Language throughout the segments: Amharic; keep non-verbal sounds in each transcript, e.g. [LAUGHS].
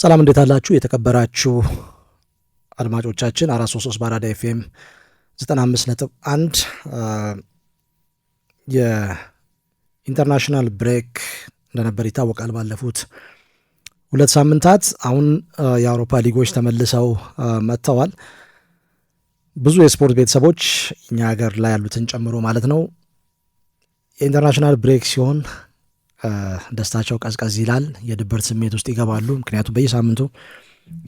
ሰላም እንዴት አላችሁ? የተከበራችሁ አድማጮቻችን አራት ሶስት ሶስት በአራዳ ኤፍኤም ዘጠና አምስት ነጥብ አንድ የኢንተርናሽናል ብሬክ እንደነበር ይታወቃል። ባለፉት ሁለት ሳምንታት አሁን የአውሮፓ ሊጎች ተመልሰው መጥተዋል። ብዙ የስፖርት ቤተሰቦች እኛ ሀገር ላይ ያሉትን ጨምሮ ማለት ነው የኢንተርናሽናል ብሬክ ሲሆን ደስታቸው ቀዝቀዝ ይላል። የድብርት ስሜት ውስጥ ይገባሉ። ምክንያቱም በየሳምንቱ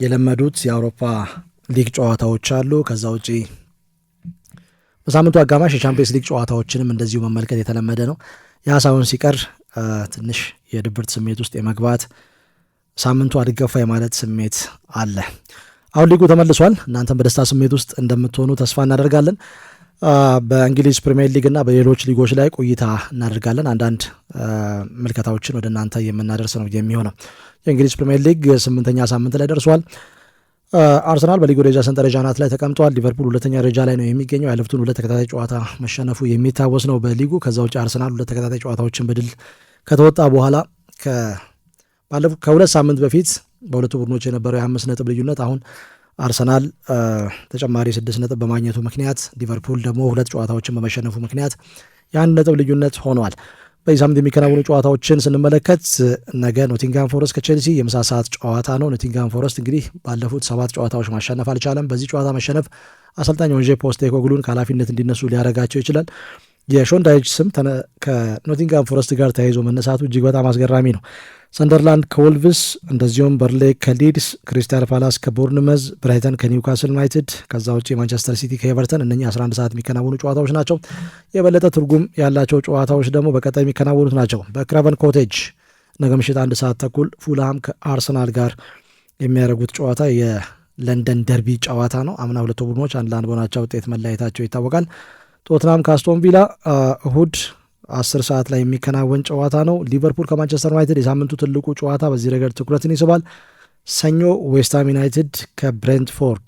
የለመዱት የአውሮፓ ሊግ ጨዋታዎች አሉ። ከዛ ውጪ በሳምንቱ አጋማሽ የቻምፒየንስ ሊግ ጨዋታዎችንም እንደዚሁ መመልከት የተለመደ ነው። ያ ሳይሆን ሲቀር ትንሽ የድብርት ስሜት ውስጥ የመግባት ሳምንቱ አልገፋ የማለት ስሜት አለ። አሁን ሊጉ ተመልሷል። እናንተም በደስታ ስሜት ውስጥ እንደምትሆኑ ተስፋ እናደርጋለን። በእንግሊዝ ፕሪሚየር ሊግ እና በሌሎች ሊጎች ላይ ቆይታ እናደርጋለን። አንዳንድ ምልከታዎችን ወደ እናንተ የምናደርስ ነው የሚሆነው። የእንግሊዝ ፕሪሚየር ሊግ ስምንተኛ ሳምንት ላይ ደርሷል። አርሰናል በሊጉ ደረጃ ሰንጠረዥ አናት ላይ ተቀምጧል። ሊቨርፑል ሁለተኛ ደረጃ ላይ ነው የሚገኘው። ያለፉትን ሁለት ተከታታይ ጨዋታ መሸነፉ የሚታወስ ነው በሊጉ። ከዛ ውጭ አርሰናል ሁለት ተከታታይ ጨዋታዎችን በድል ከተወጣ በኋላ ከሁለት ሳምንት በፊት በሁለቱ ቡድኖች የነበረው የአምስት ነጥብ ልዩነት አሁን አርሰናል ተጨማሪ ስድስት ነጥብ በማግኘቱ ምክንያት ሊቨርፑል ደግሞ ሁለት ጨዋታዎችን በመሸነፉ ምክንያት የአንድ ነጥብ ልዩነት ሆኗል። በዚህ ሳምንት የሚከናወኑ ጨዋታዎችን ስንመለከት ነገ ኖቲንጋም ፎረስት ከቼልሲ የምሳ ሰዓት ጨዋታ ነው። ኖቲንጋም ፎረስት እንግዲህ ባለፉት ሰባት ጨዋታዎች ማሸነፍ አልቻለም። በዚህ ጨዋታ መሸነፍ አሰልጣኝ አንዤ ፖስቴኮግሉን ከኃላፊነት እንዲነሱ ሊያደርጋቸው ይችላል። የሾን ስም ከኖቲንጋም ፎረስት ጋር ተያይዞ መነሳቱ እጅግ በጣም አስገራሚ ነው። ሰንደርላንድ ከወልቭስ እንደዚሁም በርሌ ከሊድስ፣ ክሪስታል ፓላስ ከቦርንመዝ፣ ብራይተን ከኒውካስል ዩናይትድ ከዛ ውጭ ማንቸስተር ሲቲ ከኤቨርተን እነኚህ 11 ሰዓት የሚከናወኑ ጨዋታዎች ናቸው። የበለጠ ትርጉም ያላቸው ጨዋታዎች ደግሞ በቀጣይ የሚከናወኑት ናቸው። በክራቨን ኮቴጅ ነገ ምሽት አንድ ሰዓት ተኩል ፉልሃም ከአርሰናል ጋር የሚያደርጉት ጨዋታ የለንደን ደርቢ ጨዋታ ነው። አምና ሁለቱ ቡድኖች አንድ ለአንድ በሆናቸው ውጤት መለያየታቸው ይታወቃል። ቶትናም ከአስቶን ቪላ እሁድ አስር ሰዓት ላይ የሚከናወን ጨዋታ ነው። ሊቨርፑል ከማንቸስተር ዩናይትድ የሳምንቱ ትልቁ ጨዋታ በዚህ ረገድ ትኩረትን ይስባል። ሰኞ ዌስትሃም ዩናይትድ ከብሬንትፎርድ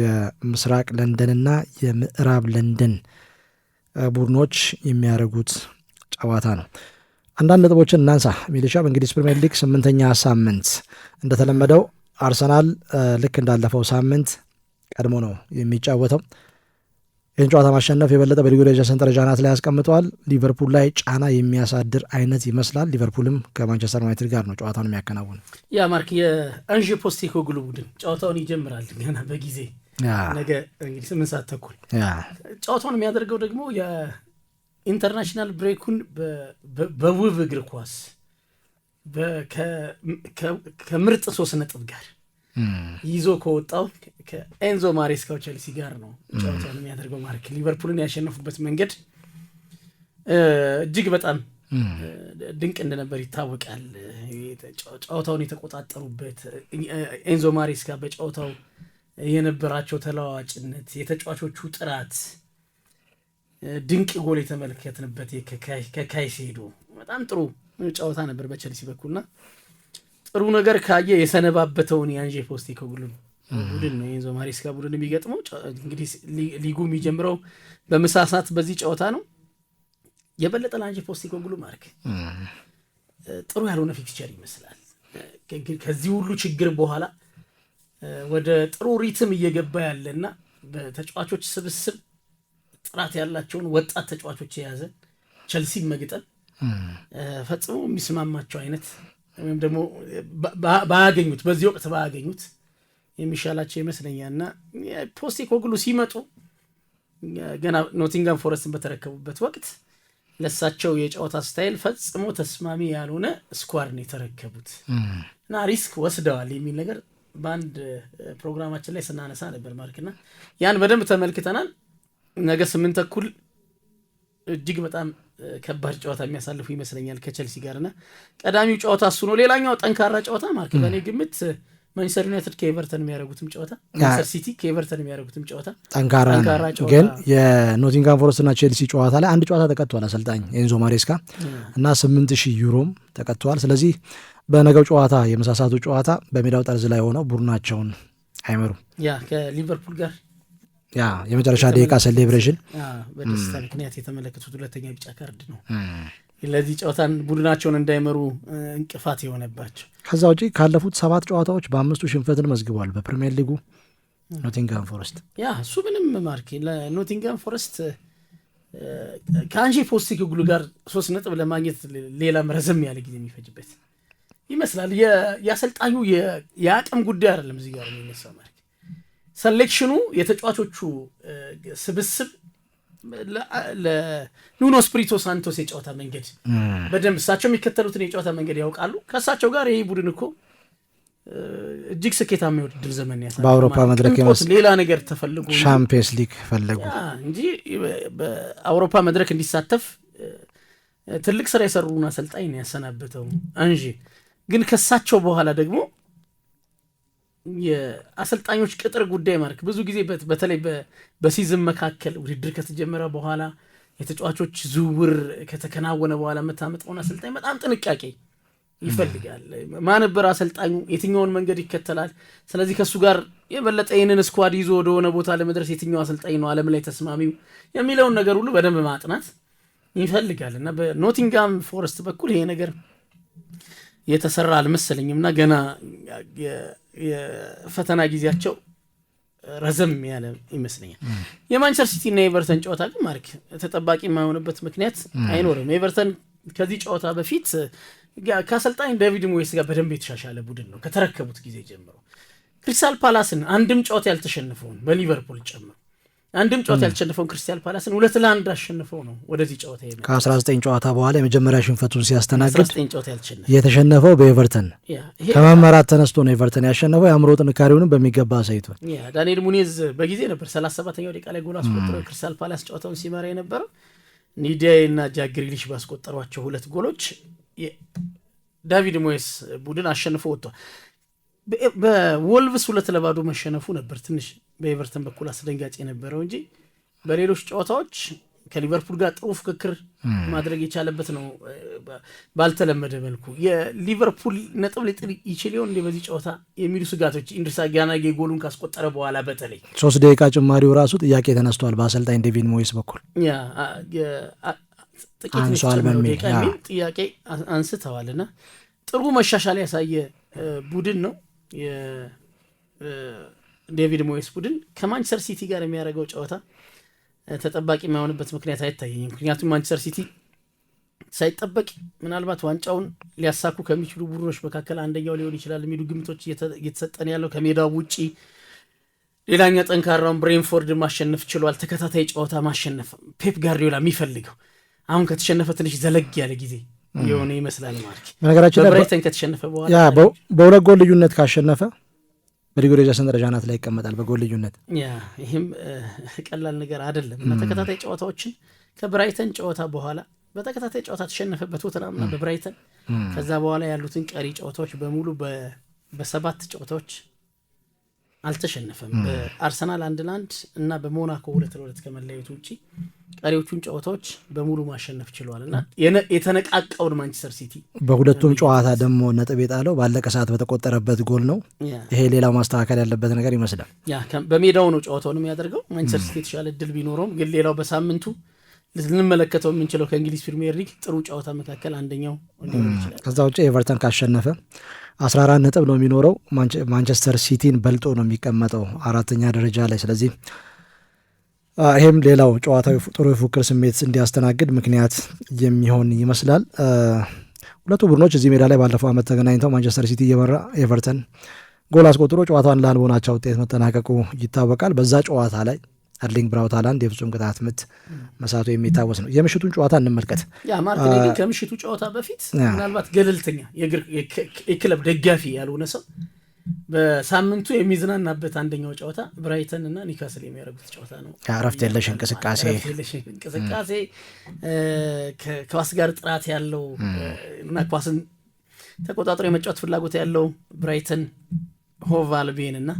የምስራቅ ለንደንና የምዕራብ ለንደን ቡድኖች የሚያደርጉት ጨዋታ ነው። አንዳንድ ነጥቦችን እናንሳ። ሚሊሻ በእንግሊዝ ፕሪምየር ሊግ ስምንተኛ ሳምንት እንደተለመደው አርሰናል ልክ እንዳለፈው ሳምንት ቀድሞ ነው የሚጫወተው። ይህን ጨዋታ ማሸነፍ የበለጠ በሊጉ ደረጃ ሰንጠረዥ አናት ላይ ያስቀምጠዋል። ሊቨርፑል ላይ ጫና የሚያሳድር አይነት ይመስላል። ሊቨርፑልም ከማንቸስተር ዩናይትድ ጋር ነው ጨዋታውን የሚያከናውን። ያ ማርክ የአንዥ ፖስቴኮግሉ ቡድን ጨዋታውን ይጀምራል ገና በጊዜ ነገ እንግዲህ ስምንት ሰዓት ተኩል ጨዋታውን የሚያደርገው ደግሞ የኢንተርናሽናል ብሬኩን በውብ እግር ኳስ ከምርጥ ሶስት ነጥብ ጋር ይዞ ከወጣው ከኤንዞ ማሬስካው ቸልሲ ጋር ነው ጨዋታውን የሚያደርገው። ማርክ ሊቨርፑልን ያሸነፉበት መንገድ እጅግ በጣም ድንቅ እንደነበር ይታወቃል። ጨዋታውን የተቆጣጠሩበት ኤንዞ ማሬስካ በጨዋታው የነበራቸው ተለዋዋጭነት፣ የተጫዋቾቹ ጥራት ድንቅ ጎል የተመለከትንበት ከካይሴዶ በጣም ጥሩ ጨዋታ ነበር በቸልሲ በኩልና ጥሩ ነገር ካየ የሰነባበተውን የአንዤ ፖስቴኮግሉ ቡድን ነው የኤንዞ ማሬስካ ቡድን የሚገጥመው። እንግዲህ ሊጉ የሚጀምረው በምሳሳት በዚህ ጨዋታ ነው። የበለጠ ለአንጄ ፖስቴኮግሉ ማርክ ጥሩ ያልሆነ ፊክቸር ይመስላል። ከዚህ ሁሉ ችግር በኋላ ወደ ጥሩ ሪትም እየገባ ያለ እና በተጫዋቾች ስብስብ ጥራት ያላቸውን ወጣት ተጫዋቾች የያዘ ቸልሲን መግጠም ፈጽሞ የሚስማማቸው አይነት ወይም ደግሞ ባያገኙት በዚህ ወቅት ባያገኙት የሚሻላቸው ይመስለኛልና እና ፖስቴኮግሉ ሲመጡ ገና ኖቲንጋም ፎረስትን በተረከቡበት ወቅት ለሳቸው የጨዋታ ስታይል ፈጽሞ ተስማሚ ያልሆነ ስኳድ ነው የተረከቡት እና ሪስክ ወስደዋል የሚል ነገር በአንድ ፕሮግራማችን ላይ ስናነሳ ነበር ማርክና ያን በደንብ ተመልክተናል። ነገ ስምንት ተኩል እጅግ በጣም ከባድ ጨዋታ የሚያሳልፉ ይመስለኛል ከቸልሲ ጋርና ቀዳሚው ጨዋታ እሱ ነው። ሌላኛው ጠንካራ ጨዋታ ማርክ በእኔ ግምት ማንቸስተር ዩናይትድ ከኤቨርተን የሚያደረጉትም ጨዋታ ማንቸስተር ሲቲ ከኤቨርተን የሚያደረጉትም ጨዋታ ጠንካራ ግን የኖቲንጋም ና ቼልሲ ጨዋታ ላይ አንድ ጨዋታ ተቀጥቷል አሰልጣኝ ኤንዞ ማሬስካ እና ስምንት ሺህ ዩሮም ተቀጥቷል። ስለዚህ በነገው ጨዋታ የመሳሳቱ ጨዋታ በሜዳው ጠርዝ ላይ ሆነው ቡድናቸውን አይመሩም ያ ከሊቨርፑል ጋር ያ የመጨረሻ ደቂቃ ሴሌብሬሽን በደስታ ምክንያት የተመለከቱት ሁለተኛ ቢጫ ካርድ ነው። ለዚህ ጨዋታን ቡድናቸውን እንዳይመሩ እንቅፋት የሆነባቸው። ከዛ ውጪ ካለፉት ሰባት ጨዋታዎች በአምስቱ ሽንፈትን መዝግቧል። በፕሪሚየር ሊጉ ኖቲንጋም ፎረስት ያ እሱ ምንም ማርኬ ለኖቲንጋም ፎረስት ከአንሺ ፖስቴኮግሉ ጋር ሶስት ነጥብ ለማግኘት ሌላም ረዘም ያለ ጊዜ የሚፈጅበት ይመስላል። የአሰልጣኙ የአቅም ጉዳይ አይደለም እዚህ ጋር የሚነሳው ሰሌክሽኑ የተጫዋቾቹ ስብስብ ለኑኖ ስፕሪቶ ሳንቶስ የጨዋታ መንገድ በደንብ እሳቸው የሚከተሉትን የጨዋታ መንገድ ያውቃሉ። ከእሳቸው ጋር ይሄ ቡድን እኮ እጅግ ስኬታማ የውድድር ዘመን ያሳለፈ በአውሮፓ መድረክ ሌላ ነገር ተፈልጎ ሻምፒየንስ ሊግ ፈለጉ እንጂ በአውሮፓ መድረክ እንዲሳተፍ ትልቅ ስራ የሰሩን አሰልጣኝ ነው ያሰናበተው እንጂ ግን ከእሳቸው በኋላ ደግሞ የአሰልጣኞች ቅጥር ጉዳይ ማርክ ብዙ ጊዜ በተለይ በሲዝን መካከል ውድድር ከተጀመረ በኋላ የተጫዋቾች ዝውውር ከተከናወነ በኋላ የምታመጣውን አሰልጣኝ በጣም ጥንቃቄ ይፈልጋል። ማነበር አሰልጣኙ የትኛውን መንገድ ይከተላል። ስለዚህ ከእሱ ጋር የበለጠ ይህንን ስኳድ ይዞ ወደሆነ ቦታ ለመድረስ የትኛው አሰልጣኝ ነው ዓለም ላይ ተስማሚው የሚለውን ነገር ሁሉ በደንብ ማጥናት ይፈልጋል እና በኖቲንጋም ፎረስት በኩል ይሄ ነገር የተሰራ አልመሰለኝም ገና የፈተና ጊዜያቸው ረዘም ያለ ይመስለኛል። የማንቸስተር ሲቲ እና ኤቨርተን ጨዋታ ግን ማርክ ተጠባቂ የማይሆንበት ምክንያት አይኖርም። ኤቨርተን ከዚህ ጨዋታ በፊት ከአሰልጣኝ ዳቪድ ሞየስ ጋር በደንብ የተሻሻለ ቡድን ነው ከተረከቡት ጊዜ ጀምሮ። ክሪስታል ፓላስን አንድም ጨዋታ ያልተሸንፈውን በሊቨርፑል ጨምሮ አንድም ጨዋታ ያልተሸነፈውን ክርስቲያን ፓላስን ሁለት ለአንድ አሸንፈው ነው ወደዚህ ጨዋታ ሄ ከአስራ ዘጠኝ ጨዋታ በኋላ የመጀመሪያ ሽንፈቱን ሲያስተናግድ የተሸነፈው በኤቨርተን ከመመራት ተነስቶ ነው ኤቨርተን ያሸነፈው። የአእምሮ ጥንካሬውንም በሚገባ አሳይቷል። ዳንኤል ሙኒዝ በጊዜ ነበር ሰላሳ ሰባተኛው ደቂቃ ላይ ጎል አስቆጥሮ ክርስቲያን ፓላስ ጨዋታውን ሲመራ የነበረው ኒዲያይ እና ጃክ ግሪሊሽ ባስቆጠሯቸው ሁለት ጎሎች ዳቪድ ሞየስ ቡድን አሸንፎ ወጥቷል። በወልቭስ ሁለት ለባዶ መሸነፉ ነበር ትንሽ በኤቨርተን በኩል አስደንጋጭ የነበረው እንጂ በሌሎች ጨዋታዎች ከሊቨርፑል ጋር ጥሩ ፍክክር ማድረግ የቻለበት ነው። ባልተለመደ መልኩ የሊቨርፑል ነጥብ ሊጥል ይችል ይሆን እንዲህ በዚህ ጨዋታ የሚሉ ስጋቶች ኢንድርሳ ጋናጌ ጎሉን ካስቆጠረ በኋላ በተለይ ሶስት ደቂቃ ጭማሪው ራሱ ጥያቄ ተነስተዋል። በአሰልጣኝ ዴቪድ ሞይስ በኩል ጥቂት ጥያቄ አንስተዋልና ጥሩ መሻሻል ያሳየ ቡድን ነው። የዴቪድ ሞይስ ቡድን ከማንቸስተር ሲቲ ጋር የሚያደርገው ጨዋታ ተጠባቂ የማይሆንበት ምክንያት አይታየኝም። ምክንያቱም ማንቸስተር ሲቲ ሳይጠበቅ ምናልባት ዋንጫውን ሊያሳኩ ከሚችሉ ቡድኖች መካከል አንደኛው ሊሆን ይችላል የሚሉ ግምቶች እየተሰጠን ያለው ከሜዳው ውጪ ሌላኛ ጠንካራውን ብሬንፎርድ ማሸነፍ ችሏል። ተከታታይ ጨዋታ ማሸነፍ ፔፕ ጋርዲዮላ የሚፈልገው አሁን ከተሸነፈ ትንሽ ዘለግ ያለ ጊዜ የሆነ ይመስላል። ማርክ በነገራችን በብራይተን ከተሸነፈ በኋላ በሁለት ጎል ልዩነት ካሸነፈ በሊጉ ደረጃ ሰንጠረዥ አናት ላይ ይቀመጣል በጎል ልዩነት። ይህም [LAUGHS] ቀላል ነገር አይደለም እና ተከታታይ ጨዋታዎችን ከብራይተን ጨዋታ በኋላ በተከታታይ ጨዋታ ተሸነፈበት በቶተናምና በብራይተን ከዛ በኋላ ያሉትን ቀሪ ጨዋታዎች በሙሉ በሰባት ጨዋታዎች አልተሸነፈም። በአርሰናል አንድ ለአንድ እና በሞናኮ ሁለት ለሁለት ከመለያየቱ ውጭ ቀሪዎቹን ጨዋታዎች በሙሉ ማሸነፍ ችሏል እና የተነቃቀውን ማንቸስተር ሲቲ በሁለቱም ጨዋታ ደግሞ ነጥብ የጣለው ባለቀ ሰዓት በተቆጠረበት ጎል ነው። ይሄ ሌላው ማስተካከል ያለበት ነገር ይመስላል። በሜዳው ነው ጨዋታውን የሚያደርገው። ማንቸስተር ሲቲ የተሻለ ድል ቢኖረውም ግን ሌላው በሳምንቱ ልንመለከተው የምንችለው ከእንግሊዝ ፕሪሚየር ሊግ ጥሩ ጨዋታ መካከል አንደኛው ከዛ ውጭ ኤቨርተን ካሸነፈ 14 ነጥብ ነው የሚኖረው። ማንቸስተር ሲቲን በልጦ ነው የሚቀመጠው አራተኛ ደረጃ ላይ። ስለዚህ ይሄም ሌላው ጨዋታዊ ጥሩ የፉክክር ስሜት እንዲያስተናግድ ምክንያት የሚሆን ይመስላል። ሁለቱ ቡድኖች እዚህ ሜዳ ላይ ባለፈው ዓመት ተገናኝተው ማንቸስተር ሲቲ እየመራ ኤቨርተን ጎል አስቆጥሮ ጨዋታን ለአንድ በሆናቸው ውጤት መጠናቀቁ ይታወቃል። በዛ ጨዋታ ላይ እርሊንግ ብራውት ሃላንድ የፍጹም ቅጣት ምት መሳቱ የሚታወስ ነው። የምሽቱን ጨዋታ እንመልከት። ማርቲኔሊ ከምሽቱ ጨዋታ በፊት ምናልባት ገለልተኛ የክለብ ደጋፊ ያልሆነ ሰው በሳምንቱ የሚዝናናበት አንደኛው ጨዋታ ብራይተን እና ኒውካስል የሚያደርጉት ጨዋታ ነው። እረፍት የለሽ እንቅስቃሴ እንቅስቃሴ ከኳስ ጋር ጥራት ያለው እና ኳስን ተቆጣጥሮ የመጫወት ፍላጎት ያለው ብራይተን ሆቭ አልቢዮን እና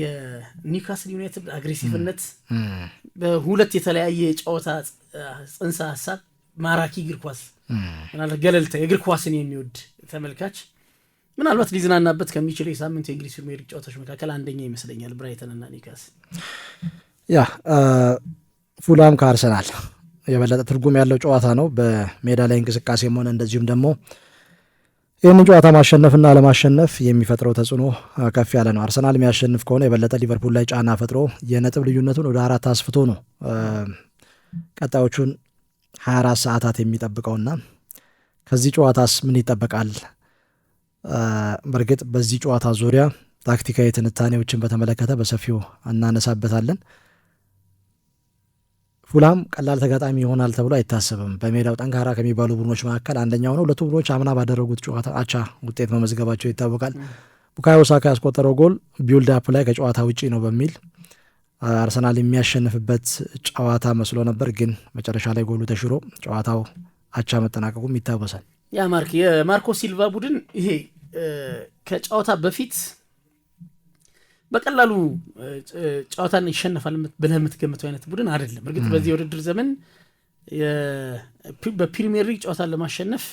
የኒውካስል ዩናይትድ አግሬሲቭነት በሁለት የተለያየ ጨዋታ ጽንሰ ሀሳብ ማራኪ እግር ኳስ ምናልባት ገለልተ የእግር ኳስን የሚወድ ተመልካች ምናልባት ሊዝናናበት ከሚችለው የሳምንቱ የእንግሊዝ ፕሪሚየር ጨዋታዎች መካከል አንደኛ ይመስለኛል። ብራይተንና እና ያ ፉላም ከአርሰናል የበለጠ ትርጉም ያለው ጨዋታ ነው። በሜዳ ላይ እንቅስቃሴም ሆነ እንደዚሁም ደግሞ ይህንን ጨዋታ ማሸነፍና ለማሸነፍ የሚፈጥረው ተጽዕኖ ከፍ ያለ ነው። አርሰናል የሚያሸንፍ ከሆነ የበለጠ ሊቨርፑል ላይ ጫና ፈጥሮ የነጥብ ልዩነቱን ወደ አራት አስፍቶ ነው ቀጣዮቹን 24 ሰዓታት የሚጠብቀውና ከዚህ ጨዋታስ ምን ይጠበቃል? በእርግጥ በዚህ ጨዋታ ዙሪያ ታክቲካዊ ትንታኔዎችን በተመለከተ በሰፊው እናነሳበታለን። ፉላም ቀላል ተጋጣሚ ይሆናል ተብሎ አይታሰብም። በሜዳው ጠንካራ ከሚባሉ ቡድኖች መካከል አንደኛው ነው። ሁለቱ ቡድኖች አምና ባደረጉት ጨዋታ አቻ ውጤት መመዝገባቸው ይታወቃል። ቡካዮ ሳካ ያስቆጠረው ጎል ቢውልድ አፕ ላይ ከጨዋታ ውጪ ነው በሚል አርሰናል የሚያሸንፍበት ጨዋታ መስሎ ነበር፣ ግን መጨረሻ ላይ ጎሉ ተሽሮ ጨዋታው አቻ መጠናቀቁም ይታወሳል። ያ ማርክ የማርኮ ሲልቫ ቡድን ይሄ ከጨዋታ በፊት በቀላሉ ጨዋታን ይሸነፋል ብለህ የምትገምተው አይነት ቡድን አይደለም። እርግጥ በዚህ የውድድር ዘመን በፕሪሚየር ሊግ ጨዋታን ለማሸነፍ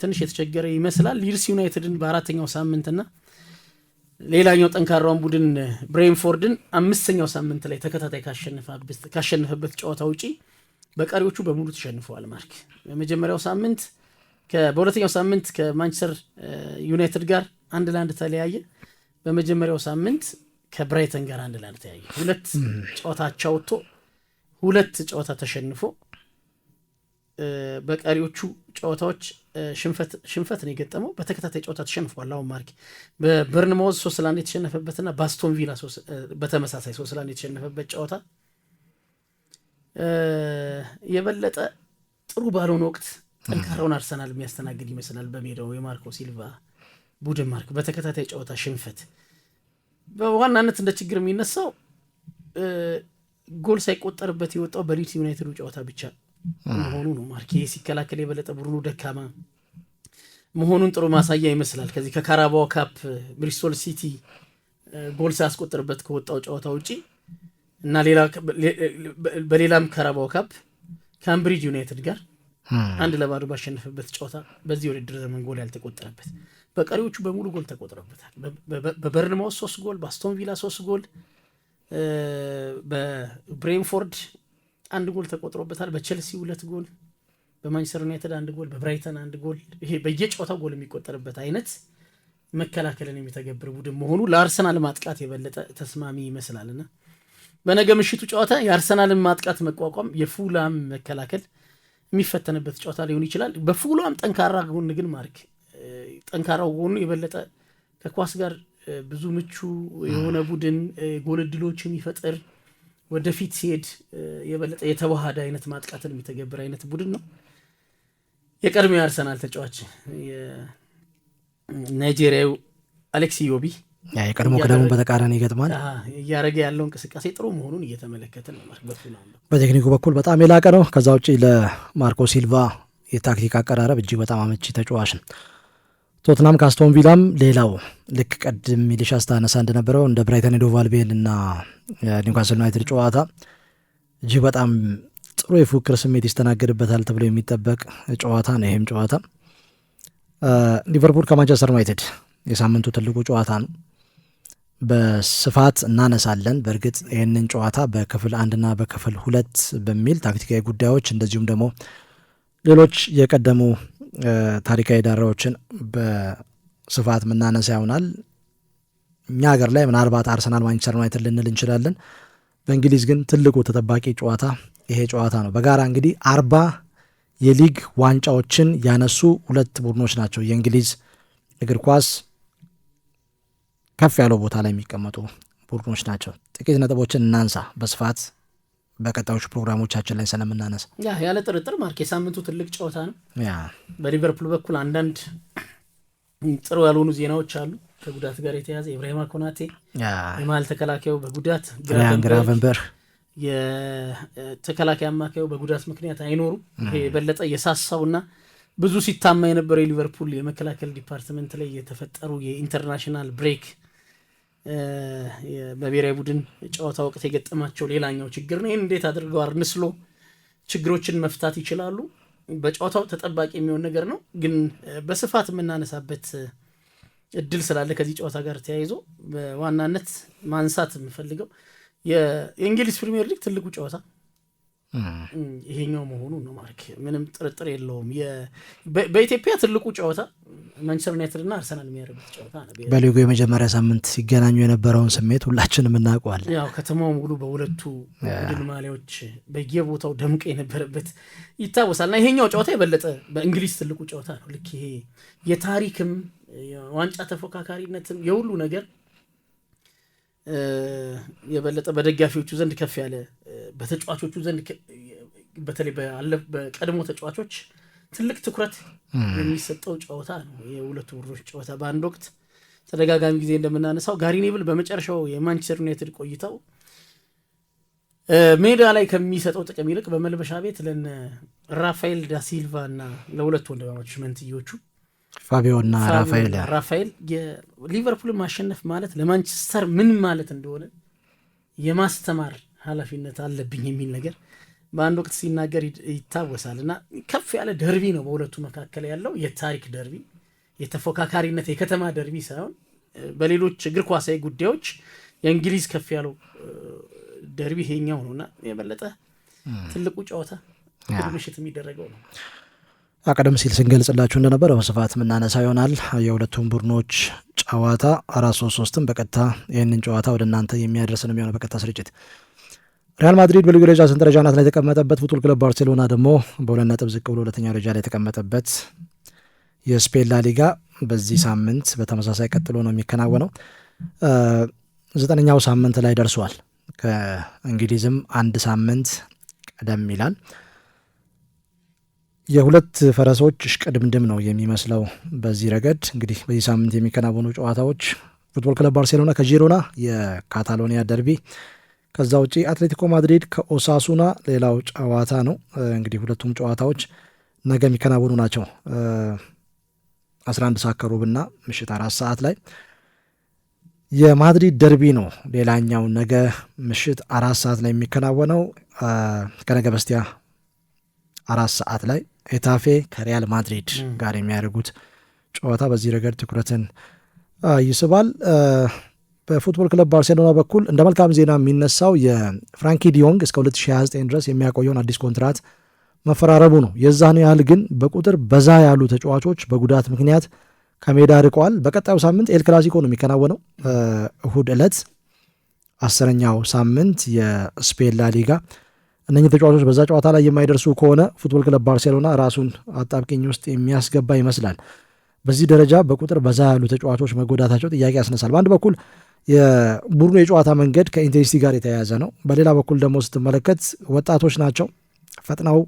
ትንሽ የተቸገረ ይመስላል። ሊድስ ዩናይትድን በአራተኛው ሳምንትና ሌላኛው ጠንካራውን ቡድን ብሬንፎርድን አምስተኛው ሳምንት ላይ ተከታታይ ካሸነፈበት ጨዋታ ውጪ በቀሪዎቹ በሙሉ ተሸንፈዋል። ማርክ በመጀመሪያው ሳምንት በሁለተኛው ሳምንት ከማንቸስተር ዩናይትድ ጋር አንድ ለአንድ ተለያየ። በመጀመሪያው ሳምንት ከብራይተን ጋር አንድ ላይ ተያየ። ሁለት ጨዋታ አቻ ወጥቶ ሁለት ጨዋታ ተሸንፎ በቀሪዎቹ ጨዋታዎች ሽንፈት ነው የገጠመው። በተከታታይ ጨዋታ ተሸንፏል። አሁን ማርክ በበርንማውዝ ሶስት ለአንድ የተሸነፈበትና በአስቶን ቪላ በተመሳሳይ ሶስት ለአንድ የተሸነፈበት ጨዋታ የበለጠ ጥሩ ባልሆነ ወቅት ጠንካራውን አርሰናል የሚያስተናግድ ይመስላል። በሜዳው የማርኮ ሲልቫ ቡድን ማርክ በተከታታይ ጨዋታ ሽንፈት በዋናነት እንደ ችግር የሚነሳው ጎል ሳይቆጠርበት የወጣው በሊድስ ዩናይትድ ጨዋታ ብቻ መሆኑ ነው። ማርኬ ሲከላከል የበለጠ ቡድኑ ደካማ መሆኑን ጥሩ ማሳያ ይመስላል። ከዚህ ከካራባው ካፕ ብሪስቶል ሲቲ ጎል ሳያስቆጠርበት ከወጣው ጨዋታ ውጪ እና በሌላም ካራባው ካፕ ካምብሪጅ ዩናይትድ ጋር አንድ ለባዶ ባሸነፈበት ጨዋታ በዚህ ውድድር ዘመን ጎል ያልተቆጠረበት በቀሪዎቹ በሙሉ ጎል ተቆጥረበታል። በበርንማውስ ሶስት ጎል፣ በአስቶን ቪላ ሶስት ጎል፣ በብሬንፎርድ አንድ ጎል ተቆጥሮበታል። በቸልሲ ሁለት ጎል፣ በማንቸስተር ዩናይትድ አንድ ጎል፣ በብራይተን አንድ ጎል። ይሄ በየጨዋታው ጎል የሚቆጠርበት አይነት መከላከልን የሚተገብር ቡድን መሆኑ ለአርሰናል ማጥቃት የበለጠ ተስማሚ ይመስላልና በነገ ምሽቱ ጨዋታ የአርሰናልን ማጥቃት መቋቋም የፉላም መከላከል የሚፈተንበት ጨዋታ ሊሆን ይችላል። በፉላም ጠንካራ ጎን ግን ማርክ ጠንካራው ጎኑ የበለጠ ከኳስ ጋር ብዙ ምቹ የሆነ ቡድን ጎል እድሎች የሚፈጥር ወደፊት ሲሄድ የበለጠ የተዋሃደ አይነት ማጥቃትን የሚተገብር አይነት ቡድን ነው። የቀድሞ የአርሰናል ተጫዋች ናይጄሪያዊ አሌክሲ ዮቢ የቀድሞ ቅደሙን በተቃራኒ ይገጥማል። እያደረገ ያለው እንቅስቃሴ ጥሩ መሆኑን እየተመለከተ ነው። በቴክኒኩ በኩል በጣም የላቀ ነው። ከዛ ውጭ ለማርኮ ሲልቫ የታክቲክ አቀራረብ እጅግ በጣም አመቺ ተጫዋች ነው። ቶትናም ካስቶን ቪላም ሌላው ልክ ቀድም ሚሊሻ ስታነሳ እንደነበረው እንደ ብራይተን ዶቫልቤን እና ኒውካስል ዩናይትድ ጨዋታ እጅግ በጣም ጥሩ የፉክክር ስሜት ይስተናገድበታል ተብሎ የሚጠበቅ ጨዋታ ነው። ይህም ጨዋታ ሊቨርፑል ከማንቸስተር ዩናይትድ የሳምንቱ ትልቁ ጨዋታ ነው። በስፋት እናነሳለን። በእርግጥ ይህንን ጨዋታ በክፍል አንድና በክፍል ሁለት በሚል ታክቲካዊ ጉዳዮች እንደዚሁም ደግሞ ሌሎች የቀደሙ ታሪካዊ ዳራዎችን በስፋት የምናነሳ ይሆናል። እኛ ሀገር ላይ ምናልባት አርሰናል ማንቸስተር ዩናይትድ ልንል እንችላለን። በእንግሊዝ ግን ትልቁ ተጠባቂ ጨዋታ ይሄ ጨዋታ ነው። በጋራ እንግዲህ አርባ የሊግ ዋንጫዎችን ያነሱ ሁለት ቡድኖች ናቸው የእንግሊዝ እግር ኳስ ከፍ ያለው ቦታ ላይ የሚቀመጡ ቡድኖች ናቸው። ጥቂት ነጥቦችን እናንሳ በስፋት በቀጣዮቹ ፕሮግራሞቻችን ላይ ስለምናነሳ ያለ ጥርጥር ማርክ የሳምንቱ ትልቅ ጨዋታ ነው። በሊቨርፑል በኩል አንዳንድ ጥሩ ያልሆኑ ዜናዎች አሉ። ከጉዳት ጋር የተያዘ ኢብራሂማ ኮናቴ የመሀል ተከላካዩ በጉዳት ግራቨንበር የተከላካይ አማካዩ በጉዳት ምክንያት አይኖሩም። የበለጠ የሳሳውና ብዙ ሲታማ የነበረው የሊቨርፑል የመከላከል ዲፓርትመንት ላይ የተፈጠሩ የኢንተርናሽናል ብሬክ በብሔራዊ ቡድን ጨዋታ ወቅት የገጠማቸው ሌላኛው ችግር ነው። ይህን እንዴት አድርገው አርንስሎ ችግሮችን መፍታት ይችላሉ? በጨዋታው ተጠባቂ የሚሆን ነገር ነው፣ ግን በስፋት የምናነሳበት እድል ስላለ ከዚህ ጨዋታ ጋር ተያይዞ በዋናነት ማንሳት የምፈልገው የእንግሊዝ ፕሪሚየር ሊግ ትልቁ ጨዋታ ይሄኛው መሆኑ ነው። ማርክ ምንም ጥርጥር የለውም። በኢትዮጵያ ትልቁ ጨዋታ ማንቸስተር ዩናይትድ ና አርሰናል የሚያደርጉት ጨዋታ ነው። በሊጎ የመጀመሪያ ሳምንት ሲገናኙ የነበረውን ስሜት ሁላችንም እናውቀዋለን። ያው ከተማው ሙሉ በሁለቱ ቡድን ማሊያዎች በየቦታው ደምቀ የነበረበት ይታወሳል። ና ይሄኛው ጨዋታ የበለጠ በእንግሊዝ ትልቁ ጨዋታ ነው። ልክ ይሄ የታሪክም ዋንጫ ተፎካካሪነትም የሁሉ ነገር የበለጠ በደጋፊዎቹ ዘንድ ከፍ ያለ በተጫዋቾቹ ዘንድ በተለይ በቀድሞ ተጫዋቾች ትልቅ ትኩረት የሚሰጠው ጨዋታ ነው የሁለቱ ቡድኖች ጨዋታ። በአንድ ወቅት ተደጋጋሚ ጊዜ እንደምናነሳው ጋሪ ኔብል በመጨረሻው የማንቸስተር ዩናይትድ ቆይተው ሜዳ ላይ ከሚሰጠው ጥቅም ይልቅ በመልበሻ ቤት ለነ ራፋኤል ዳሲልቫ እና ለሁለቱ ወንድማማቾች መንትዮቹ ፋቢዮና ራፋኤል ሊቨርፑል ማሸነፍ ማለት ለማንቸስተር ምን ማለት እንደሆነ የማስተማር ኃላፊነት አለብኝ የሚል ነገር በአንድ ወቅት ሲናገር ይታወሳል። እና ከፍ ያለ ደርቢ ነው በሁለቱ መካከል ያለው የታሪክ ደርቢ፣ የተፎካካሪነት የከተማ ደርቢ ሳይሆን በሌሎች እግር ኳሳዊ ጉዳዮች የእንግሊዝ ከፍ ያለው ደርቢ ይሄኛው ነው እና የበለጠ ትልቁ ጨዋታ ምሽት የሚደረገው ነው። ቀደም ሲል ስንገልጽላችሁ እንደነበረ በስፋት የምናነሳ ይሆናል። የሁለቱም ቡድኖች ጨዋታ አራት ሶስት ሶስትም በቀጥታ ይህንን ጨዋታ ወደ እናንተ የሚያደርስ ነው የሚሆነው በቀጥታ ስርጭት ሪያል ማድሪድ በልዩ ደረጃ ሰንጠረዥ አናት ላይ የተቀመጠበት ፉትቦል ክለብ ባርሴሎና ደግሞ በሁለት ነጥብ ዝቅ ብሎ ሁለተኛ ደረጃ ላይ የተቀመጠበት የስፔን ላሊጋ በዚህ ሳምንት በተመሳሳይ ቀጥሎ ነው የሚከናወነው። ዘጠነኛው ሳምንት ላይ ደርሷል። ከእንግሊዝም አንድ ሳምንት ቀደም ይላል። የሁለት ፈረሶች እሽቅድምድም ነው የሚመስለው። በዚህ ረገድ እንግዲህ በዚህ ሳምንት የሚከናወኑ ጨዋታዎች ፉትቦል ክለብ ባርሴሎና ከጂሮና የካታሎኒያ ደርቢ ከዛ ውጪ አትሌቲኮ ማድሪድ ከኦሳሱና ሌላው ጨዋታ ነው። እንግዲህ ሁለቱም ጨዋታዎች ነገ የሚከናወኑ ናቸው። 11 ሰዓት ከሩብና ምሽት አራት ሰዓት ላይ የማድሪድ ደርቢ ነው። ሌላኛው ነገ ምሽት አራት ሰዓት ላይ የሚከናወነው ከነገ በስቲያ አራት ሰዓት ላይ ኤታፌ ከሪያል ማድሪድ ጋር የሚያደርጉት ጨዋታ በዚህ ረገድ ትኩረትን ይስባል። በፉትቦል ክለብ ባርሴሎና በኩል እንደ መልካም ዜና የሚነሳው የፍራንኪ ዲዮንግ እስከ 2029 ድረስ የሚያቆየውን አዲስ ኮንትራት መፈራረሙ ነው። የዛን ያህል ግን በቁጥር በዛ ያሉ ተጫዋቾች በጉዳት ምክንያት ከሜዳ ርቀዋል። በቀጣዩ ሳምንት ኤል ክላሲኮ ነው የሚከናወነው። እሁድ ዕለት አስረኛው ሳምንት የስፔን ላሊጋ እነኚህ ተጫዋቾች በዛ ጨዋታ ላይ የማይደርሱ ከሆነ ፉትቦል ክለብ ባርሴሎና ራሱን አጣብቂኝ ውስጥ የሚያስገባ ይመስላል። በዚህ ደረጃ በቁጥር በዛ ያሉ ተጫዋቾች መጎዳታቸው ጥያቄ ያስነሳል። በአንድ በኩል የቡድኑ የጨዋታ መንገድ ከኢንቴንሲቲ ጋር የተያያዘ ነው። በሌላ በኩል ደግሞ ስትመለከት ወጣቶች ናቸው፣ ፈጥነው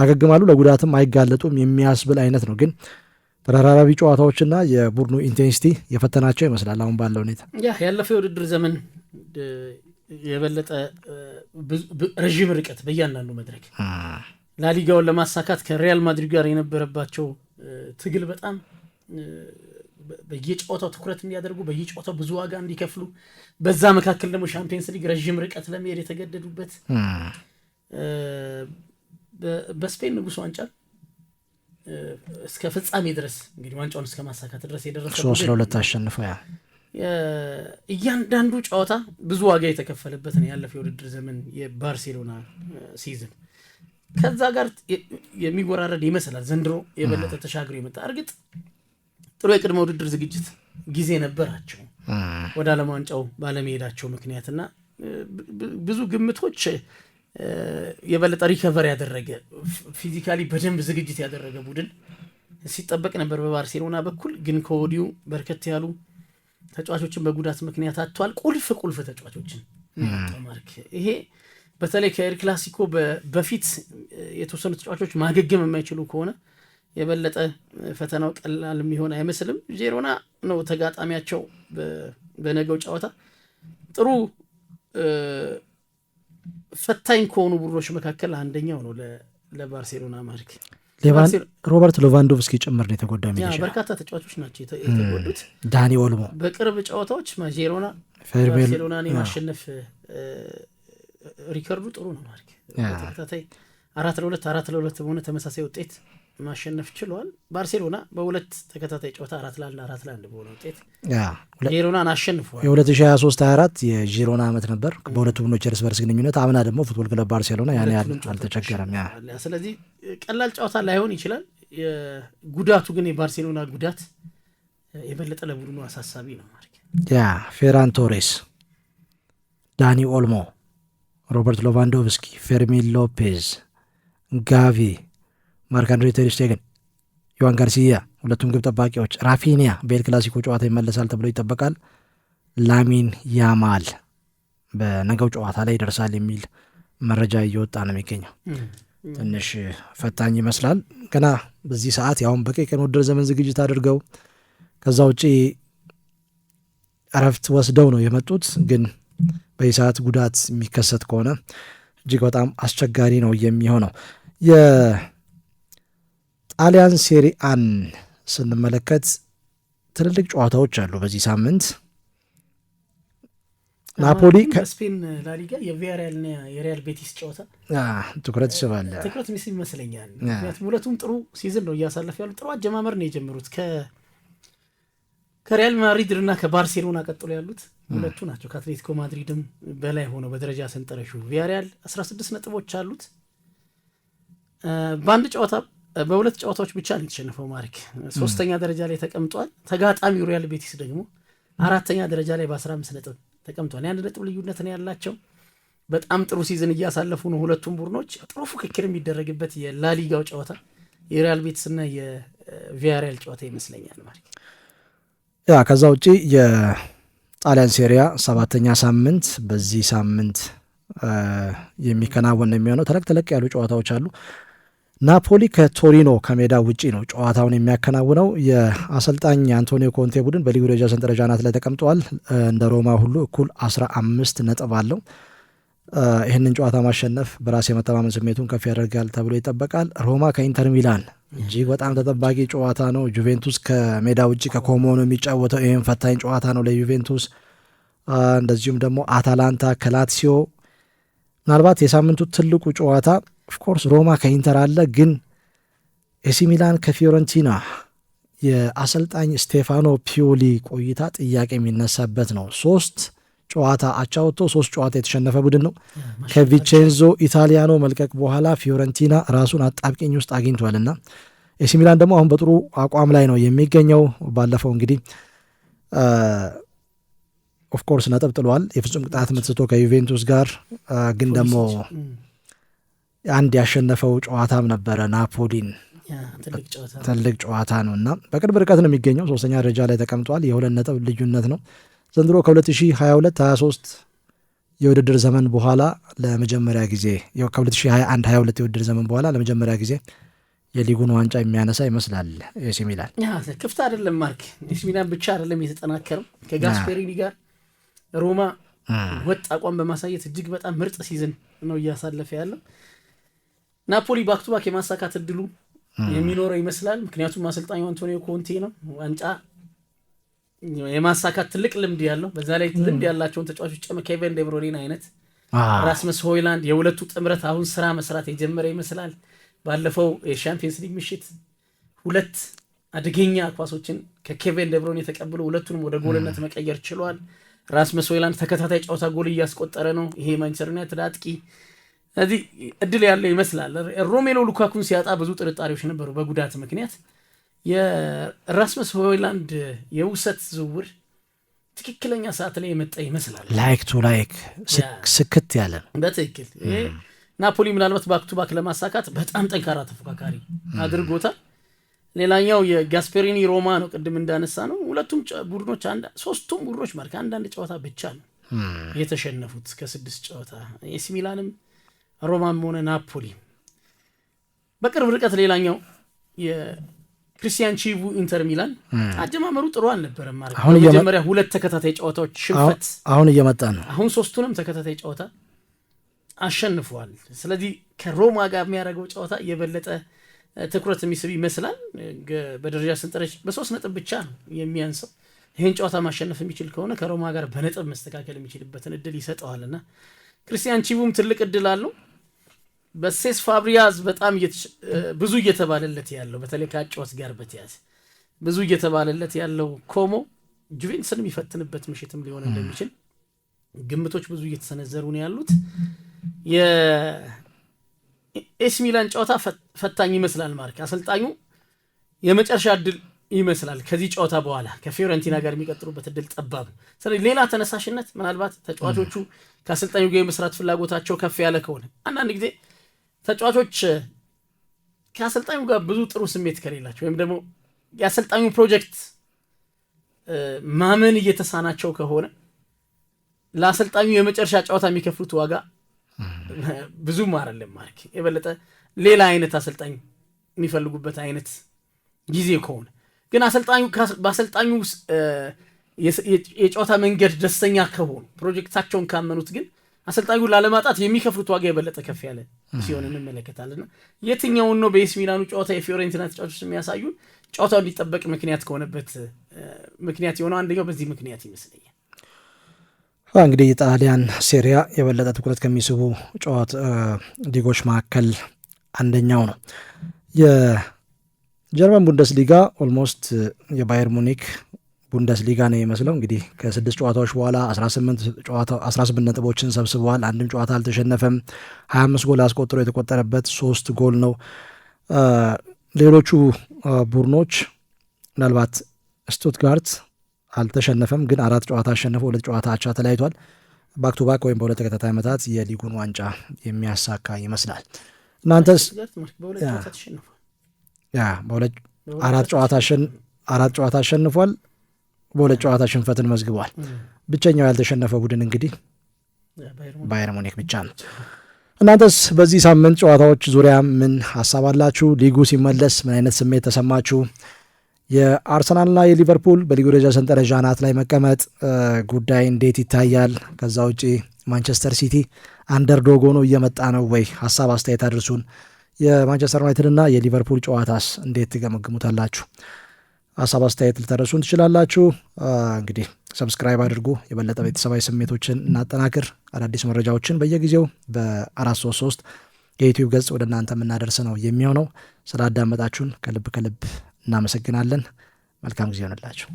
ያገግማሉ፣ ለጉዳትም አይጋለጡም የሚያስብል አይነት ነው ግን ተደራራቢ ጨዋታዎችና የቡድኑ ኢንቴንሲቲ የፈተናቸው ይመስላል። አሁን ባለው ሁኔታ ያ ያለፈው የውድድር ዘመን የበለጠ ረዥም ርቀት በእያንዳንዱ መድረክ ላሊጋውን ለማሳካት ከሪያል ማድሪድ ጋር የነበረባቸው ትግል በጣም በየጨዋታው ትኩረት እንዲያደርጉ በየጨዋታው ብዙ ዋጋ እንዲከፍሉ በዛ መካከል ደግሞ ሻምፒየንስ ሊግ ረዥም ርቀት ለመሄድ የተገደዱበት በስፔን ንጉስ ዋንጫ እስከ ፍጻሜ ድረስ እንግዲህ ዋንጫውን እስከ ማሳካት ድረስ የደረሰ ሶስት ለሁለት አሸንፈው ያ እያንዳንዱ ጨዋታ ብዙ ዋጋ የተከፈለበት ነው ያለፈው የውድድር ዘመን የባርሴሎና ሲዝን ከዛ ጋር የሚወራረድ ይመስላል ዘንድሮ የበለጠ ተሻግሮ የመጣ እርግጥ ጥሩ የቅድመ ውድድር ዝግጅት ጊዜ ነበራቸው ወደ ዓለም ዋንጫው ባለመሄዳቸው ምክንያትና ብዙ ግምቶች የበለጠ ሪከቨር ያደረገ ፊዚካሊ በደንብ ዝግጅት ያደረገ ቡድን ሲጠበቅ ነበር በባርሴሎና በኩል ግን ከወዲሁ በርከት ያሉ ተጫዋቾችን በጉዳት ምክንያት አጥቷል። ቁልፍ ቁልፍ ተጫዋቾችን ማርክ ይሄ በተለይ ከኤር ክላሲኮ በፊት የተወሰኑ ተጫዋቾች ማገገም የማይችሉ ከሆነ የበለጠ ፈተናው ቀላል የሚሆን አይመስልም። ጄሮና ነው ተጋጣሚያቸው በነገው ጨዋታ ጥሩ ፈታኝ ከሆኑ ቡድኖች መካከል አንደኛው ነው ለባርሴሎና ማድሪድ። ሮበርት ሎቫንዶቭስኪ ጭምር ነው የተጎዳ። በርካታ ተጫዋቾች ናቸው የተጎዱት። ዳኒ ኦልሞ በቅርብ ጨዋታዎች ዜሮና ባርሴሎናን የማሸነፍ ሪከርዱ ጥሩ ነው። ማድሪድ ተከታታይ አራት ለሁለት አራት ለሁለት በሆነ ተመሳሳይ ውጤት ማሸነፍ ችሏል። ባርሴሎና በሁለት ተከታታይ ጨዋታ አራት ለአንድ አራት ለአንድ በሆነ ውጤት ጂሮናን አሸንፏል። የ2023 24 የጂሮና ዓመት ነበር በሁለቱ ቡድኖች እርስ በርስ ግንኙነት። አምና ደግሞ ፉትቦል ክለብ ባርሴሎና ያን ያህል አልተቸገረም። ስለዚህ ቀላል ጨዋታ ላይሆን ይችላል። ጉዳቱ ግን የባርሴሎና ጉዳት የበለጠ ለቡድኑ አሳሳቢ ነው። ያ ፌራን ቶሬስ፣ ዳኒ ኦልሞ፣ ሮበርት ሎቫንዶቭስኪ፣ ፌርሚን ሎፔዝ፣ ጋቪ ማርክ አንድሬ ተር ዮዋን ጋርሲያ ሁለቱም ግብ ጠባቂዎች፣ ራፊኒያ በኤል ክላሲኮ ጨዋታ ይመለሳል ተብሎ ይጠበቃል። ላሚን ያማል በነገው ጨዋታ ላይ ይደርሳል የሚል መረጃ እየወጣ ነው የሚገኘው። ትንሽ ፈታኝ ይመስላል ገና በዚህ ሰዓት ያሁን በቀይ ቀን ውድድር ዘመን ዝግጅት አድርገው ከዛ ውጪ እረፍት ወስደው ነው የመጡት። ግን በዚህ ሰዓት ጉዳት የሚከሰት ከሆነ እጅግ በጣም አስቸጋሪ ነው የሚሆነው። ጣሊያን ሴሪአን ስንመለከት ትልልቅ ጨዋታዎች አሉ በዚህ ሳምንት። ናፖሊ ከስፔን ላሊጋ የቪያሪያልና የሪያል ቤቲስ ጨዋታ ትኩረት ይስባል። ትኩረት ሚስ ይመስለኛል። ምክንያቱም ሁለቱም ጥሩ ሲዝን ነው እያሳለፍ ያሉ ጥሩ አጀማመር ነው የጀመሩት። ከሪያል ማድሪድ እና ከባርሴሎና ቀጥሎ ያሉት ሁለቱ ናቸው። ከአትሌቲኮ ማድሪድም በላይ ሆነው በደረጃ ሰንጠረሹ ቪያሪያል 16 ነጥቦች አሉት። በአንድ ጨዋታ በሁለት ጨዋታዎች ብቻ ነው የተሸነፈው ማሪክ ሶስተኛ ደረጃ ላይ ተቀምጧል። ተጋጣሚው ሪያል ቤቲስ ደግሞ አራተኛ ደረጃ ላይ በ15 ነጥብ ተቀምጧል። የአንድ ነጥብ ልዩነት ነው ያላቸው። በጣም ጥሩ ሲዝን እያሳለፉ ነው ሁለቱም ቡድኖች። ጥሩ ፉክክር የሚደረግበት የላሊጋው ጨዋታ የሪያል ቤቲስ እና የቪያሪያል ጨዋታ ይመስለኛል ማሪክ። ያ ከዛ ውጪ የጣሊያን ሴሪያ ሰባተኛ ሳምንት በዚህ ሳምንት የሚከናወን ነው የሚሆነው። ተለቅ ተለቅ ያሉ ጨዋታዎች አሉ። ናፖሊ ከቶሪኖ ከሜዳ ውጪ ነው ጨዋታውን የሚያከናውነው። የአሰልጣኝ አንቶኒዮ ኮንቴ ቡድን በሊጉ ደረጃ ሰንጠረዥ አናት ላይ ተቀምጠዋል። እንደ ሮማ ሁሉ እኩል 15 ነጥብ አለው። ይህንን ጨዋታ ማሸነፍ በራስ የመተማመን ስሜቱን ከፍ ያደርጋል ተብሎ ይጠበቃል። ሮማ ከኢንተር ሚላን እጅግ በጣም ተጠባቂ ጨዋታ ነው። ጁቬንቱስ ከሜዳ ውጭ ከኮሞ ነው የሚጫወተው። ይህም ፈታኝ ጨዋታ ነው ለዩቬንቱስ። እንደዚሁም ደግሞ አታላንታ ከላትሲዮ ምናልባት የሳምንቱ ትልቁ ጨዋታ ኦፍኮርስ ሮማ ከኢንተር አለ፣ ግን ኤሲ ሚላን ከፊዮረንቲና የአሰልጣኝ ስቴፋኖ ፒዮሊ ቆይታ ጥያቄ የሚነሳበት ነው። ሶስት ጨዋታ አቻውቶ ሶስት ጨዋታ የተሸነፈ ቡድን ነው። ከቪቼንዞ ኢታሊያኖ መልቀቅ በኋላ ፊዮረንቲና ራሱን አጣብቂኝ ውስጥ አግኝቷልና ኤሲ ሚላን ደግሞ አሁን በጥሩ አቋም ላይ ነው የሚገኘው። ባለፈው እንግዲህ ኦፍኮርስ ነጥብ ጥሏል፣ የፍጹም ቅጣት ምትስቶ ከዩቬንቱስ ጋር ግን ደግሞ አንድ ያሸነፈው ጨዋታም ነበረ ናፖሊን ትልቅ ጨዋታ ነው እና በቅርብ ርቀት ነው የሚገኘው። ሶስተኛ ደረጃ ላይ ተቀምጧል። የሁለት ነጥብ ልዩነት ነው። ዘንድሮ ከ2022/23 የውድድር ዘመን በኋላ ለመጀመሪያ ጊዜ ከ2021/22 የውድድር ዘመን በኋላ ለመጀመሪያ ጊዜ የሊጉን ዋንጫ የሚያነሳ ይመስላል ኤሲ ሚላን። ክፍት አይደለም ማርክ ኤሲ ሚላን ብቻ አይደለም የተጠናከረው ከጋስፔሪኒ ጋር ሮማ ወጥ አቋም በማሳየት እጅግ በጣም ምርጥ ሲዝን ነው እያሳለፈ ያለው ናፖሊ ባክቱባክ የማሳካት እድሉ የሚኖረው ይመስላል። ምክንያቱም አሰልጣኙ አንቶኒዮ ኮንቴ ነው። ዋንጫ የማሳካት ትልቅ ልምድ ያለው በዛ ላይ ልምድ ያላቸውን ተጫዋቾች ጨመ ኬቨን ደብሮኔን አይነት ራስመስ ሆይላንድ የሁለቱ ጥምረት አሁን ስራ መስራት የጀመረ ይመስላል። ባለፈው የሻምፒየንስ ሊግ ምሽት ሁለት አደገኛ ኳሶችን ከኬቨን ደብሮኔ ተቀብሎ ሁለቱንም ወደ ጎልነት መቀየር ችሏል። ራስመስ ሆይላንድ ተከታታይ ጨዋታ ጎል እያስቆጠረ ነው። ይሄ ማንቸስተር ዩናይትድ አጥቂ ስለዚህ እድል ያለው ይመስላል። ሮሜሎ ሉካኩን ሲያጣ ብዙ ጥርጣሬዎች ነበሩ በጉዳት ምክንያት። የራስመስ ሆይላንድ የውሰት ዝውውር ትክክለኛ ሰዓት ላይ የመጣ ይመስላል። ላይክ ቱ ላይክ ስክት ያለ በትክክል ናፖሊ ምናልባት ባክቱ ባክ ለማሳካት በጣም ጠንካራ ተፎካካሪ አድርጎታል። ሌላኛው የጋስፔሪኒ ሮማ ነው። ቅድም እንዳነሳ ነው ሁለቱም ቡድኖች ሶስቱም ቡድኖች ማለት አንዳንድ ጨዋታ ብቻ ነው የተሸነፉት ከስድስት ጨዋታ ኤሲ ሚላንም ሮማም ሆነ ናፖሊ። በቅርብ ርቀት ሌላኛው የክርስቲያን ቺቡ ኢንተር ሚላን አጀማመሩ ጥሩ አልነበረም ማለት መጀመሪያ ሁለት ተከታታይ ጨዋታዎች ሽንፈት፣ አሁን እየመጣ ነው። አሁን ሶስቱንም ተከታታይ ጨዋታ አሸንፈዋል። ስለዚህ ከሮማ ጋር የሚያደርገው ጨዋታ የበለጠ ትኩረት የሚስብ ይመስላል። በደረጃ ስንጠረች በሶስት ነጥብ ብቻ ነው የሚያንሰው። ይህን ጨዋታ ማሸነፍ የሚችል ከሆነ ከሮማ ጋር በነጥብ መስተካከል የሚችልበትን እድል ይሰጠዋልና ክርስቲያን ቺቡም ትልቅ እድል አለው። በሴስ ፋብሪያዝ በጣም ብዙ እየተባለለት ያለው በተለይ ከአጨዋወት ጋር በተያዘ ብዙ እየተባለለት ያለው ኮሞ ጁቬንትስን የሚፈትንበት ምሽትም ሊሆን እንደሚችል ግምቶች ብዙ እየተሰነዘሩ ነው ያሉት። የኤስ ሚላን ጨዋታ ፈታኝ ይመስላል። ማርክ አሰልጣኙ የመጨረሻ እድል ይመስላል። ከዚህ ጨዋታ በኋላ ከፊዮረንቲና ጋር የሚቀጥሩበት እድል ጠባብ ስለዚህ ሌላ ተነሳሽነት ምናልባት ተጫዋቾቹ ከአሰልጣኙ ጋር የመስራት ፍላጎታቸው ከፍ ያለ ከሆነ አንዳንድ ጊዜ ተጫዋቾች ከአሰልጣኙ ጋር ብዙ ጥሩ ስሜት ከሌላቸው ወይም ደግሞ የአሰልጣኙ ፕሮጀክት ማመን እየተሳናቸው ከሆነ ለአሰልጣኙ የመጨረሻ ጨዋታ የሚከፍሉት ዋጋ ብዙም አይደለም። ማርክ የበለጠ ሌላ አይነት አሰልጣኝ የሚፈልጉበት አይነት ጊዜ ከሆነ ግን በአሰልጣኙ የጨዋታ መንገድ ደስተኛ ከሆኑ ፕሮጀክታቸውን ካመኑት ግን አሰልጣኙ ላለማጣት የሚከፍሉት ዋጋ የበለጠ ከፍ ያለ ሲሆን እንመለከታለንና የትኛውን ነው በኤስ ሚላኑ ጨዋታ የፊዮሬንቲና ተጫዋቾች የሚያሳዩ ጨዋታው እንዲጠበቅ ምክንያት ከሆነበት ምክንያት የሆነው አንደኛው በዚህ ምክንያት ይመስለኛል። እንግዲህ የጣሊያን ሴሪያ የበለጠ ትኩረት ከሚስቡ ጨዋት ሊጎች መካከል አንደኛው ነው። የጀርመን ቡንደስሊጋ ኦልሞስት የባየር ሙኒክ ቡንደስሊጋ ነው የሚመስለው። እንግዲህ ከስድስት ጨዋታዎች በኋላ 18 ነጥቦችን ሰብስበዋል። አንድም ጨዋታ አልተሸነፈም። 25 ጎል አስቆጥሮ የተቆጠረበት ሶስት ጎል ነው። ሌሎቹ ቡድኖች ምናልባት ስቱትጋርት አልተሸነፈም፣ ግን አራት ጨዋታ አሸነፈ፣ ሁለት ጨዋታ አቻ ተለያይቷል። ባክ ቱ ባክ ወይም በሁለት ተከታታይ ዓመታት የሊጉን ዋንጫ የሚያሳካ ይመስላል። እናንተስ በሁለት አራት ጨዋታ አሸንፏል በሁለት ጨዋታ ሽንፈትን መዝግቧል። ብቸኛው ያልተሸነፈ ቡድን እንግዲህ ባየር ሙኒክ ብቻ ነው። እናንተስ በዚህ ሳምንት ጨዋታዎች ዙሪያ ምን ሀሳብ አላችሁ? ሊጉ ሲመለስ ምን አይነት ስሜት ተሰማችሁ? የአርሰናልና የሊቨርፑል በሊጉ ደረጃ ሰንጠረዥ አናት ላይ መቀመጥ ጉዳይ እንዴት ይታያል? ከዛ ውጪ ማንቸስተር ሲቲ አንደርዶግ ሆኖ እየመጣ ነው ወይ? ሀሳብ አስተያየት አድርሱን። የማንቸስተር ዩናይትድ የሊቨርፑል ጨዋታስ እንዴት ትገመግሙታላችሁ? ሀሳብ አስተያየት ልተረሱን ትችላላችሁ። እንግዲህ ሰብስክራይብ አድርጉ። የበለጠ ቤተሰባዊ ስሜቶችን እናጠናክር። አዳዲስ መረጃዎችን በየጊዜው በአራት ሶስት ሶስት የዩትዩብ ገጽ ወደ እናንተ የምናደርስ ነው የሚሆነው። ስላዳመጣችሁን ከልብ ከልብ እናመሰግናለን። መልካም ጊዜ ይሆንላችሁ።